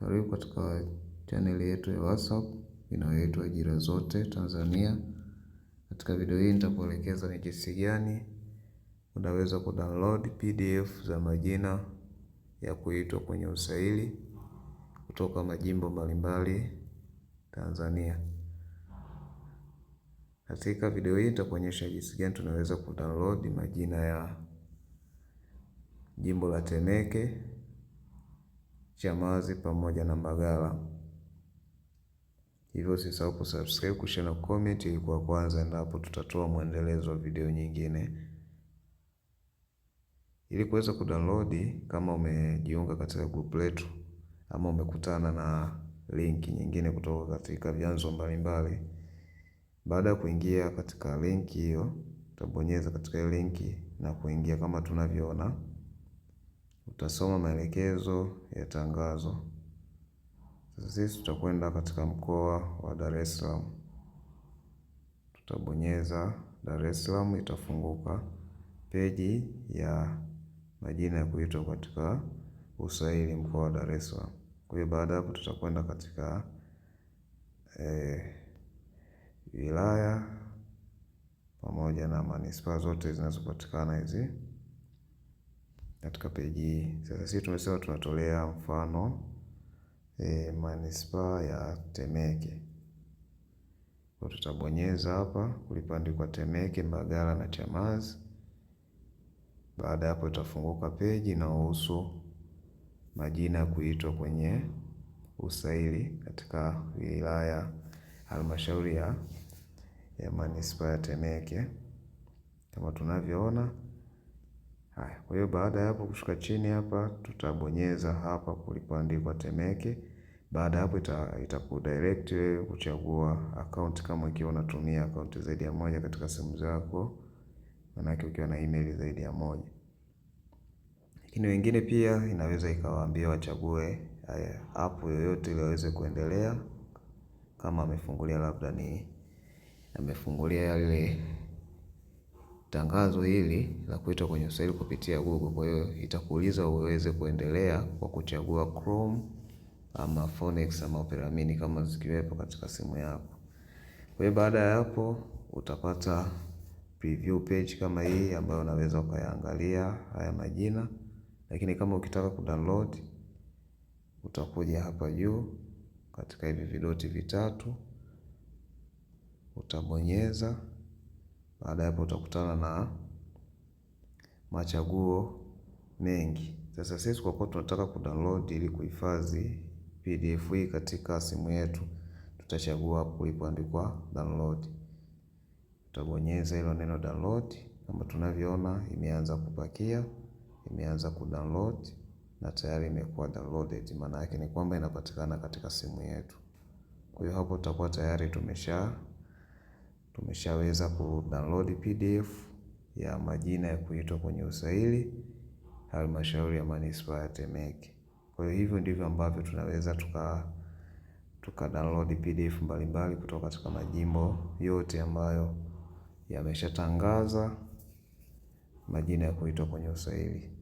Karibu katika chaneli yetu ya WhatsApp inayoitwa Ajira Zote Tanzania. Katika video hii nitakuelekeza ni jinsi gani unaweza kudownload PDF za majina ya kuitwa kwenye usaili kutoka majimbo mbalimbali Tanzania. Katika video hii nitakuonyesha jinsi gani tunaweza kudownload majina ya jimbo la Temeke Chamazi pamoja na Mbagala. Hivyo usisahau kusubscribe, kushare na comment ili kwa kwanza endapo tutatoa mwendelezo wa video nyingine. Ili kuweza kudownload, kama umejiunga katika group letu ama umekutana na linki nyingine kutoka katika vyanzo mbalimbali, baada ya kuingia katika linki hiyo, utabonyeza katika linki na kuingia kama tunavyoona. Utasoma maelekezo ya tangazo sisi tutakwenda katika mkoa wa Dar es Salaam. Tutabonyeza Dar es Salaam itafunguka peji ya majina ya kuitwa katika usaili mkoa wa Dar es Salaam. Kwa hiyo baada hapo tutakwenda katika eh, wilaya pamoja na manispaa zote zinazopatikana hizi katika peji hii. Sasa sisi tumesema tunatolea mfano e, manispaa ya Temeke. Kwa tutabonyeza hapa kulipoandikwa Temeke, Mbagala na Chamazi. Baada ya hapo itafunguka peji inayohusu majina ya kuitwa kwenye usaili katika wilaya halmashauri ya manispaa ya Temeke kama tunavyoona. Haya, kwa hiyo baada ya hapo kushuka chini hapa tutabonyeza hapa kulipoandikwa Temeke. Baada ya hapo itakudirect ita wewe kuchagua account kama ukiwa unatumia account zaidi ya moja katika simu zako, manake ukiwa na email zaidi ya moja. Lakini wengine pia inaweza ikawaambia wachague eh, app yoyote ili waweze kuendelea, kama amefungulia labda ni amefungulia yale tangazo hili la kuitwa kwenye usaili kupitia Google. Kwa hiyo itakuuliza uweze kuendelea kwa kuchagua Chrome ama Phoenix ama Opera Mini kama zikiwepo katika simu yako. Kwa hiyo baada ya hapo utapata preview page kama hii ambayo unaweza ukayaangalia haya majina, lakini kama ukitaka kudownload utakuja hapa juu katika hivi vidoti vitatu utabonyeza. Baada ya hapo utakutana na machaguo mengi. Sasa sisi kwa kuwa tunataka ku download ili kuhifadhi PDF hii katika simu yetu, tutachagua hapo kulipoandikwa download. Tutabonyeza hilo neno download. Kama tunavyoona imeanza kupakia, imeanza ku download na tayari imekuwa downloaded. Maana yake ni kwamba inapatikana katika simu yetu. Kwa hiyo hapo tutakuwa tayari tumesha tumeshaweza download PDF ya majina ya kuitwa kwenye usaili halmashauri ya manispaa ya Temeke. Kwa hiyo hivyo ndivyo ambavyo tunaweza tuka tuka download PDF mbalimbali kutoka katika majimbo yote ambayo yameshatangaza majina ya kuitwa kwenye usaili.